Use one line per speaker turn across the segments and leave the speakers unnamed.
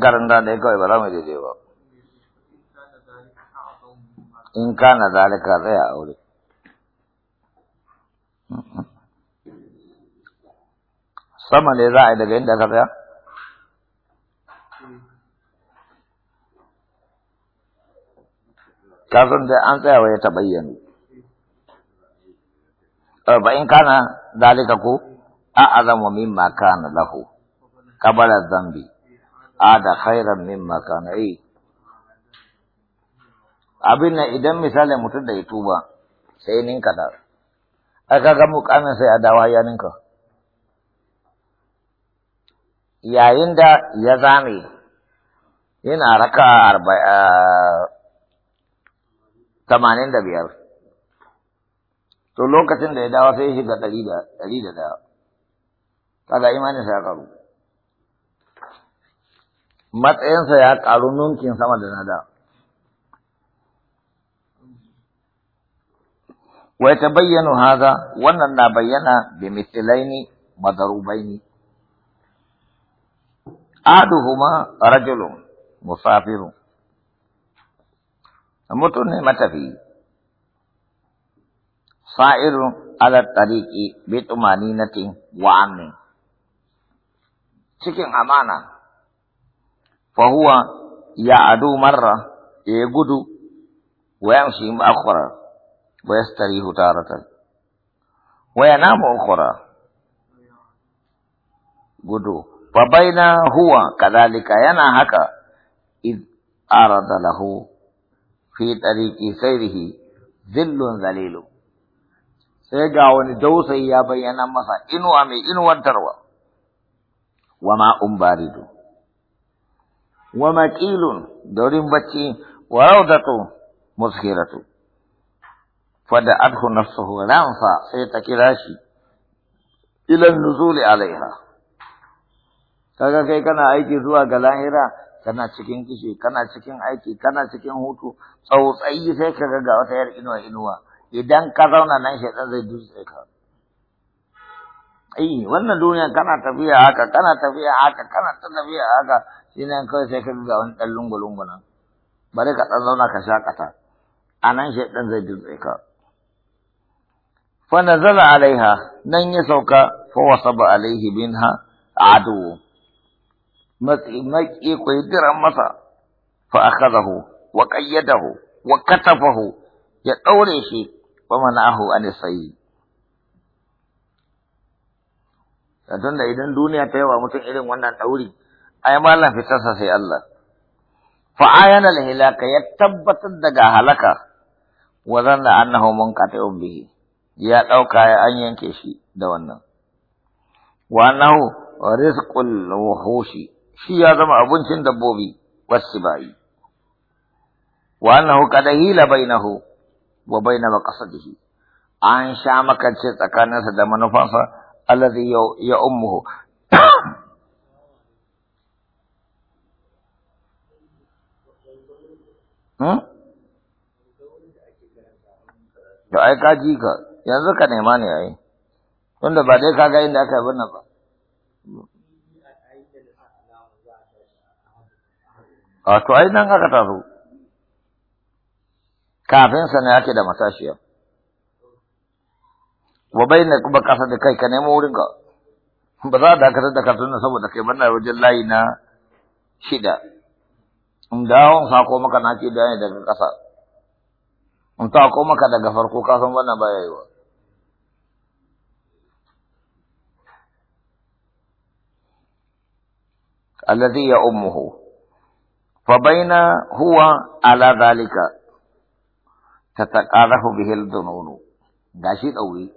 karanta da kawai ba za mu daidai ba. In na zalika tsaya a wuri. Sama ne za a yi daga inda ka tsaya? Kafin da an tsaya wa ya eh, in ka na zalika ko? a'azamu mimma kana lahu qabala dhanbi ada khairan mimma kana ai abin nan idan misalin mutum da ya tuba sai ninka da aka ga mukamin sai adawa ya ninka yayin da ya zame yana raka tamanin da biyar to lokacin da ya dawo sai shiga ɗari da ɗaya kaga imaninsa ya karu matsayinsa ya karu nunkin sama da nada Wai ta bayyana haza wannan na bayyana bi mithlaini madarubaini aduhuma rajulun musafirun mutum ne matafi sa'irun ala tariqi bi tumani natin wa amin cikin amana fahuwa ya adu marra ya gudu wa yamshi akhra wa yastarihu taratan wa yanamu ukhra gudu wa baina huwa kadalika yana haka id arada lahu fi tariqi sayrihi zillun zalilu sai ga wani dausayi ya bayyana masa inuwa mai inuwantarwa wa ma'un baridu. Wa maƙilun daurin bacci wa raudatu muskiratu. Fada adhu nafsuhu ransa sai ta kira shi ila nuzuli alaiha. Kaga kai kana aiki zuwa ga lahira kana cikin kishi kana cikin aiki kana cikin hutu tsautsayi sai ka ga wata yar inuwa inuwa idan ka zauna nan shaitan zai dutse ka ai wannan duniya kana tafiya haka kana tafiya haka kana ta tafiya haka shi ne kawai sai ka ga wani ɗan lungu-lungu nan bari ka ɗan zauna ka shakata a nan shi ɗan zai dutse ka fa nazala alaiha nan ya sauka fa wasaba alaihi minha adu maki kwai diran masa fa akhadahu wa qayyadahu wa katafahu ya ɗaure shi wa aho an da tun idan duniya ta yawa mutum irin wannan ɗauri ai malam fitarsa sai Allah fa'ayana al-hilaka ya tabbatar daga halaka wa zanna annahu munqati'un bihi ya dauka ya an yanke shi da wannan wa annahu rizqul wuhushi shi ya zama abincin dabbobi wasibai wa annahu qad hila bainahu wa da shi. an sha makance tsakaninsa da manufansa الذي يؤمه da ai ka ji ka yanzu ka nema ne ai tunda ba dai ka ga inda aka yi wannan ba a to ai nan aka taso kafin sa ne ake da matashiya wa bayna kuma kasa da kai ka nemo wurin ka ba za a dakatar da karatun na saboda kai bana wajen layi na shida in sa ko maka na ce bayani daga kasa in ta ko maka daga farko ka san wannan ba yayi ummuhu fa يؤمه huwa ala zalika tataqarahu تتقارف به الظنون داشي قوي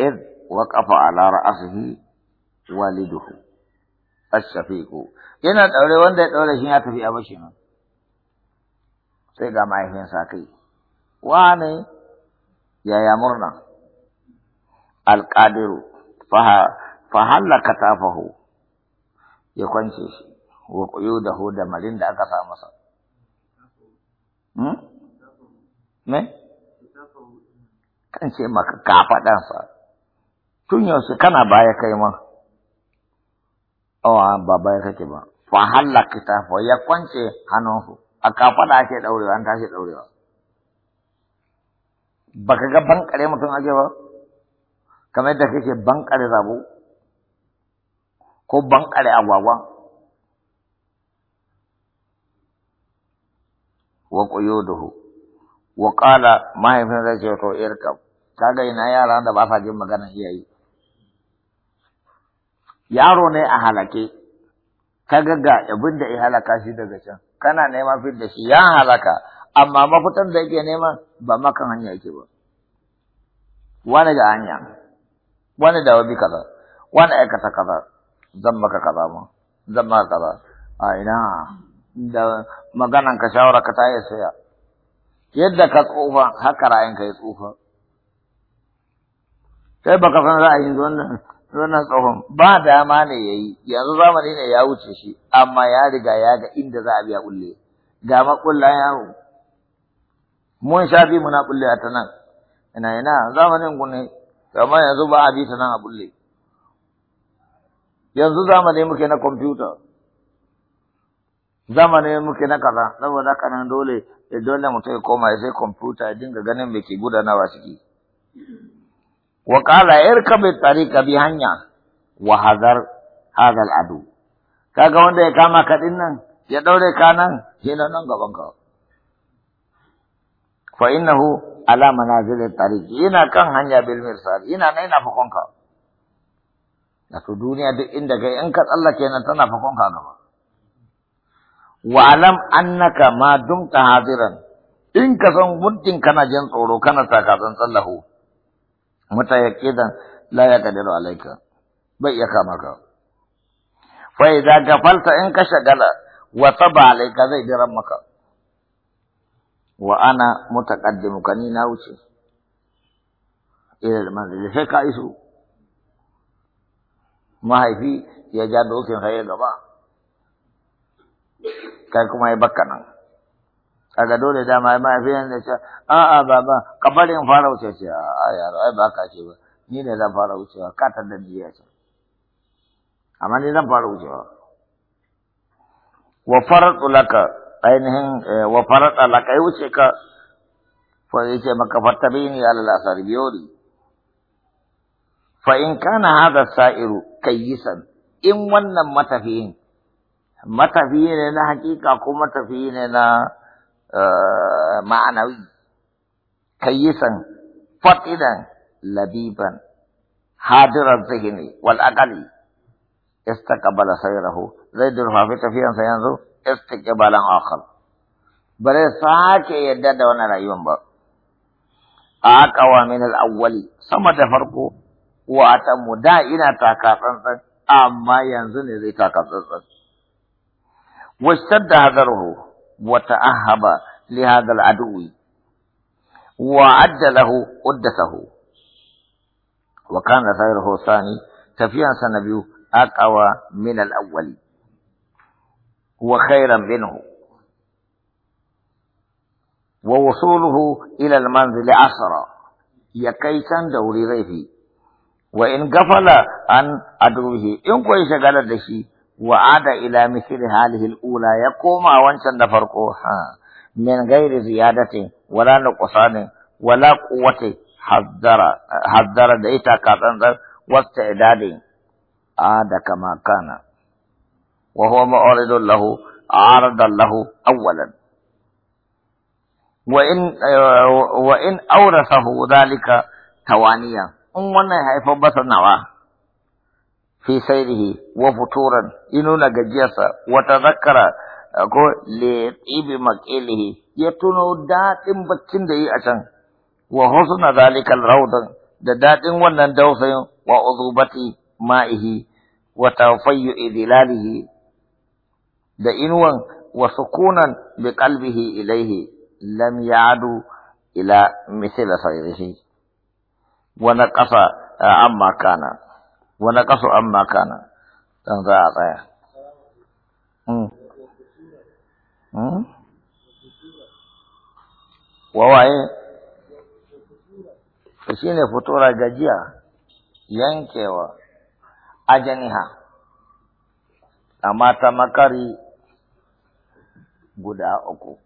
إذ وقف على رأسه والده الشفيق yana daure wanda ya daure shi ya tafi a bashi nan sai ga mahaifinsa kai wane yaya murna alƙadiru fahallaka tafahu ya kwance shi wa ƙuyudahu da malin da aka sa masa me? kan ce maka kafaɗansa tun yaushe kana baya kai ma awa ba baya kake ba fa halaka ta fa ya kwance hannunsu a da ake daurewa an tashi daurewa baka ga bankare mutum ake ba kamar yadda kake bankare zabo ko bankare agwagwa wa quyuduhu wa qala mahaifin zai ce to irka kaga ina yara da ba sa jin magana iyayi yaro ne a halake ka gaga abin da ya halaka shi daga can kana nema fit da shi ya halaka amma mafitan da yake nema ba makan hanya yake ba wani da hanya wani da wabi kaza wani aikata kaza zan maka kaza ma zan maka kaza a ina da maganan ka shawara ka ta saya yadda ka tsufa haka ra'ayin ka ya tsufa sai baka san ra'ayin zuwan wannan tsohon ba dama ne ya yi yanzu zamani ne ya wuce shi amma ya riga ya ga inda za a biya kulle ga makullan yaro mun sha bi muna kulle a ta nan ina ina zamanin ku ne kamar yanzu ba a bi ta nan a kulle yanzu zamani muke na kwamfuta zamani muke na kaza saboda haka nan dole dole mutum ya koma ya sai kwamfuta ya dinga ganin me ke gudanawa ciki wa qala irkab tariqa bi hanya wa hadar hadha adu kaga wanda ya kama ka nan ya daure ka nan ke nan gaban ka fa innahu ala manazil tariq Ina kan hanya bil mirsal Ina nan yana fakon ka wato duniya duk inda ga in ka tsallake nan tana fakon ka gaba wa alam annaka ma dumta hadiran in ka san muddin kana jin tsoro kana taka tsantsan tsallahu. mutayaqqidan la yaqdiru alayka bai ya kama ka fa idza gafalta in ka shagala wa taba alayka zai diran maka wa ana mutaqaddimuka ni na wuce ila al sai ka iso mahaifi ya ja dokin haye gaba kai kuma ya bakka nan kaga dole da ma fi yan da ce a a baba kabarin fara wuce ce a yaro ai ba ka ce ba ni ne zan fara wucewa ka ta da niyya ce amma ni zan fara wucewa wa faratu laka ainihin eh, wa farata laka ai wuce ka fa yace maka fatabini ala al-asari biyori fa in kana hadha sa'iru kayyisan in wannan matafiyin matafiyi ne na hakika ko matafiyi ne na معنوي كيسا فطنا لبيبا حاضر الذهن والعقل استقبل سيره زيد درفا في تفيا سينظر استقبالا آخر بل ساك يدد وانا لا با آقوا من الأول صمد فرقه وأتم دائنا تاكاسا أما ينزل زي تاكاسا واشتد هذره وتأهب لهذا العدو وعد له قدته وكان خيره الثاني تفيان سنبي أقوى من الأول وخيرا منه ووصوله إلى المنزل عصرا يكيسا دوري ضيفي وإن قفل عن عدوه إن كويس قال دشي وعاد إلى مثل هذه الأولى يقوم وانشد فرقوها من غير زيادة ولا نقصان ولا قوة حذر حذر ديتا كاتنظر واستعداد عاد كما كان وهو معرض له عارض له أولا وإن وإن أورثه ذلك توانيا أمنا هيفو بس نواه في سيره وفطورا إنونا نجيسا وتذكر أقول لطيب مكيله يتنو داتم بكندي أشان وحسن ذلك الروض داتم ونن دوسين وأضوبتي مائه وتوفي إذلاله دا إنو وسكونا بقلبه إليه لم يعدوا إلى مثل صغيره ونقص عما كان wana kaso an maka don za a tsaya. Hmm. Hmm? Wawaye, shi ne fitora gajiya yankewa ajaniha, a mata makari guda uku.